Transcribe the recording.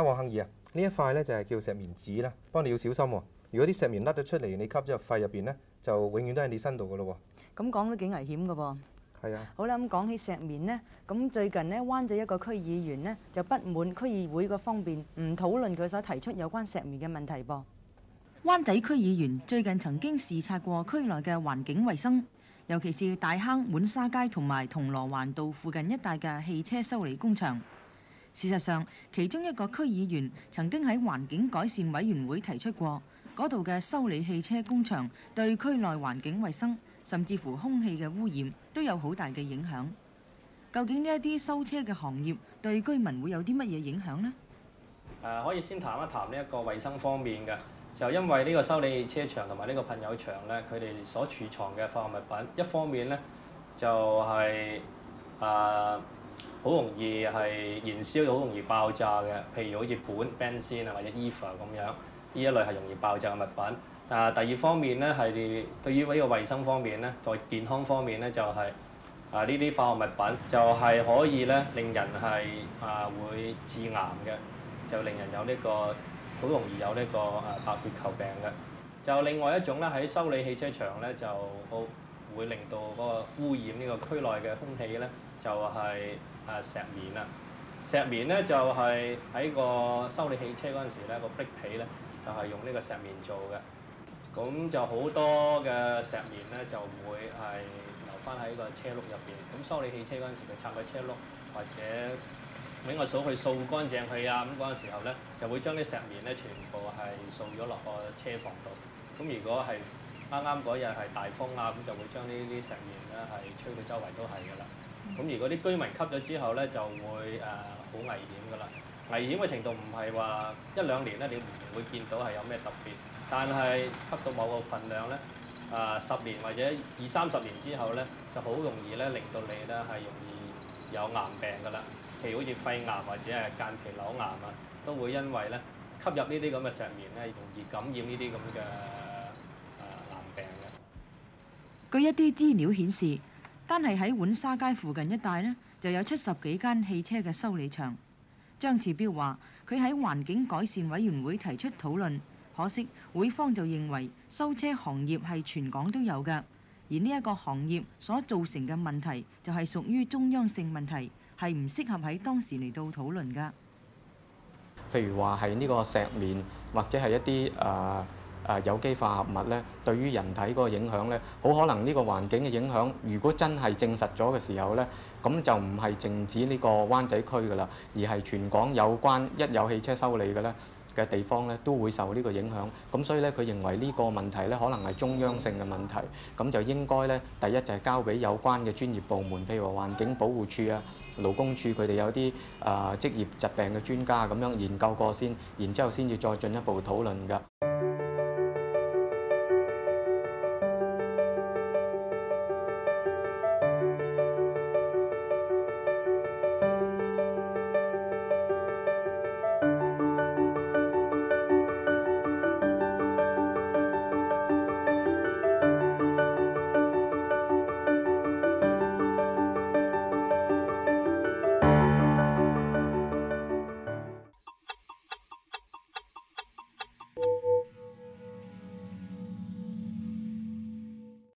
阿黃亨義啊，呢一塊咧就係叫石棉紙啦，幫你要小心喎。如果啲石棉甩咗出嚟，你吸咗入肺入邊咧，就永遠都喺你身度噶咯。咁講都幾危險噶噃。係啊。好啦，咁講起石棉咧，咁最近咧灣仔一個區議員咧就不滿區議會個方面唔討論佢所提出有關石棉嘅問題噃。灣仔區議員最近曾經視察過區內嘅環境衛生，尤其是大坑滿沙街同埋銅鑼灣道附近一帶嘅汽車修理工場。事實上，其中一個區議員曾經喺環境改善委員會提出過，嗰度嘅修理汽車工場對區內環境衛生，甚至乎空氣嘅污染都有好大嘅影響。究竟呢一啲修車嘅行業對居民會有啲乜嘢影響呢？啊，可以先談一談呢一個衞生方面嘅，就因為呢個修理汽車場同埋呢個噴油場呢，佢哋所儲藏嘅化學物品，一方面呢，就係、是、誒，啊好容易係燃燒，好容易爆炸嘅。譬如好似本、benzene 啊，或者 ether 咁樣，呢一類係容易爆炸嘅物品。啊，第二方面呢，係對於呢個衞生方面呢，在健康方面呢，就係、是、啊，呢啲化學物品就係可以咧令人係啊會致癌嘅，就令人有呢、呢個好容易有呢個啊白血球病嘅。就另外一種咧，喺修理汽車場呢，就好，會令到個污染呢個區內嘅空氣呢，就係、是、誒、啊、石棉啦。石棉呢，就係、是、喺個修理汽車嗰陣時咧， 個壁皮呢，就係、是、用呢個石棉做嘅。咁就好多嘅石棉呢，就會係留翻喺個車轆入邊。咁修理汽車嗰陣時，就拆個車轆，或者揾個掃去掃乾淨佢啊。咁嗰陣時候呢，就會將啲石棉呢，全部係掃咗落個車房度。咁如果係啱啱嗰日係大風啊，咁就會將呢啲石棉咧係吹到周圍都係㗎啦。咁如果啲居民吸咗之後咧，就會誒好、呃、危險㗎啦。危險嘅程度唔係話一兩年咧，你唔會見到係有咩特別。但係吸到某個份量咧，誒、呃、十年或者二三十年之後咧，就好容易咧令到你咧係容易有癌病㗎啦。譬如好似肺癌或者係間皮瘤癌啊，都會因為咧吸入呢啲咁嘅石棉咧，容易感染呢啲咁嘅。據一啲資料顯示，單係喺浣沙街附近一帶呢，就有七十幾間汽車嘅修理場。張志標話：佢喺環境改善委員會提出討論，可惜會方就認為修車行業係全港都有嘅，而呢一個行業所造成嘅問題就係屬於中央性問題，係唔適合喺當時嚟到討論噶。譬如話係呢個石棉，或者係一啲誒。Uh 誒有機化合物咧，對於人體嗰個影響咧，好可能呢個環境嘅影響。如果真係證實咗嘅時候咧，咁就唔係淨止呢個灣仔區㗎喇，而係全港有關一有汽車修理嘅咧嘅地方咧都會受呢個影響。咁所以咧，佢認為呢個問題咧可能係中央性嘅問題，咁就應該咧第一就係交畀有關嘅專業部門，譬如環境保護處啊、勞工處佢哋有啲誒職業疾病嘅專家咁樣研究過先，然之後先至再進一步討論㗎。